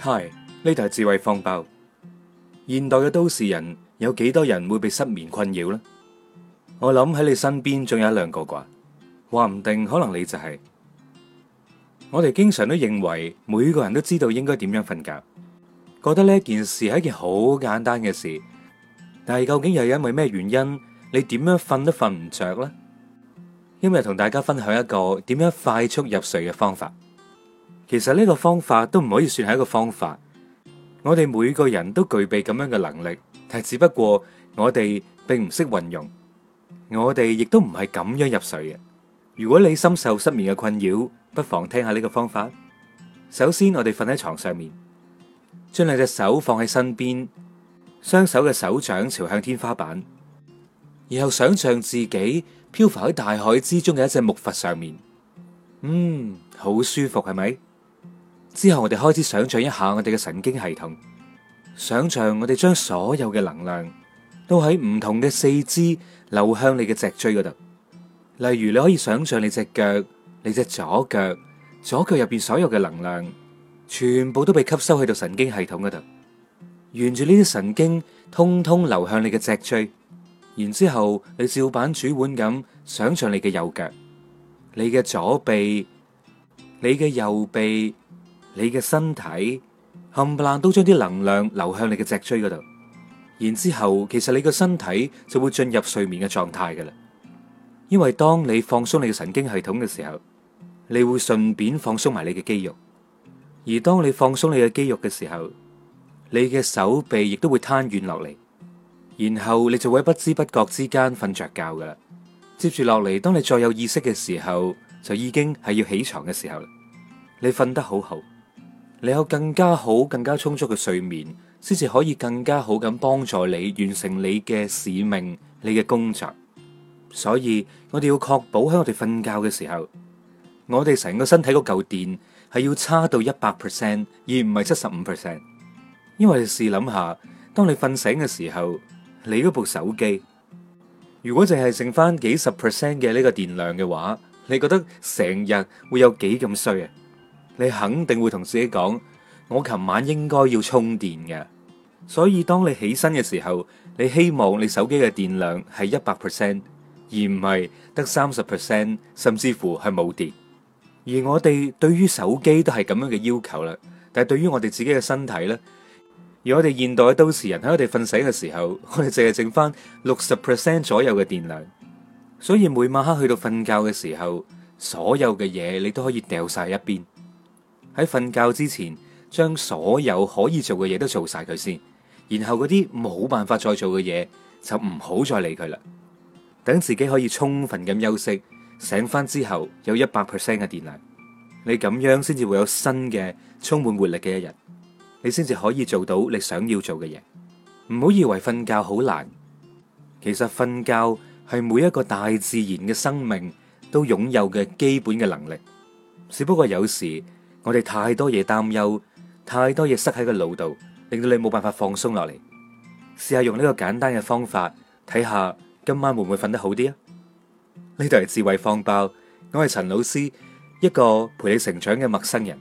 Hi，呢度係智慧方包。現代嘅都市人有幾多人會被失眠困擾呢？我諗喺你身邊仲有一兩個啩，話唔定可能你就係。我哋經常都認為每個人都知道應該點樣瞓覺，覺得呢件事係一件好簡單嘅事。但係究竟又因為咩原因，你點樣瞓都瞓唔着呢？今日同大家分享一個點樣快速入睡嘅方法。其實呢個方法都唔可以算係一個方法。我哋每個人都具備咁樣嘅能力，但係只不過我哋並唔識運用。我哋亦都唔係咁樣入睡嘅。如果你深受失眠嘅困擾，不妨聽下呢個方法。首先，我哋瞓喺床上面，將兩隻手放喺身邊，雙手嘅手掌朝向天花板，然後想象自己漂浮喺大海之中嘅一隻木筏上面。嗯，好舒服，係咪？之後我哋開始想象一下我哋嘅神經系統，想象我哋將所有嘅能量都喺唔同嘅四肢流向你嘅脊椎嗰度。例如你可以想象你隻腳，你隻左腳，左腳入邊所有嘅能量全部都被吸收喺度神經系統嗰度，沿住呢啲神經通通流向你嘅脊椎。然之後你照板煮碗咁想象你嘅右腳，你嘅左臂，你嘅右臂。你嘅身體冚唪唥都將啲能量流向你嘅脊椎嗰度，然之後其實你個身體就會進入睡眠嘅狀態噶啦。因為當你放鬆你嘅神經系統嘅時候，你會順便放鬆埋你嘅肌肉。而當你放鬆你嘅肌肉嘅時候，你嘅手臂亦都會癱軟落嚟，然後你就會喺不知不覺之間瞓着覺噶啦。接住落嚟，當你再有意識嘅時候，就已經係要起床嘅時候啦。你瞓得好好。你有更加好、更加充足嘅睡眠，先至可以更加好咁幫助你完成你嘅使命、你嘅工作。所以，我哋要確保喺我哋瞓覺嘅時候，我哋成個身體嗰嚿電係要差到一百 percent，而唔係七十五 percent。因為你試諗下，當你瞓醒嘅時候，你嗰部手機如果淨係剩翻幾十 percent 嘅呢個電量嘅話，你覺得成日會有幾咁衰啊？你肯定會同自己講，我琴晚應該要充電嘅，所以當你起身嘅時候，你希望你手機嘅電量係一百 percent，而唔係得三十 percent，甚至乎係冇電。而我哋對於手機都係咁樣嘅要求啦，但係對於我哋自己嘅身體咧，而我哋現代嘅都市人喺我哋瞓醒嘅時候，我哋淨係剩翻六十 percent 左右嘅電量，所以每晚黑去到瞓覺嘅時候，所有嘅嘢你都可以掉晒一邊。喺瞓覺之前，將所有可以做嘅嘢都做晒佢先，然後嗰啲冇辦法再做嘅嘢就唔好再理佢啦。等自己可以充分咁休息，醒翻之後有一百 percent 嘅電量，你咁樣先至會有新嘅充滿活力嘅一日，你先至可以做到你想要做嘅嘢。唔好以為瞓覺好難，其實瞓覺係每一個大自然嘅生命都擁有嘅基本嘅能力，只不過有時。我哋太多嘢擔憂，太多嘢塞喺個腦度，令到你冇辦法放鬆落嚟。試下用呢個簡單嘅方法睇下，看看今晚會唔會瞓得好啲啊？呢度係智慧方包，我係陳老師，一個陪你成長嘅陌生人。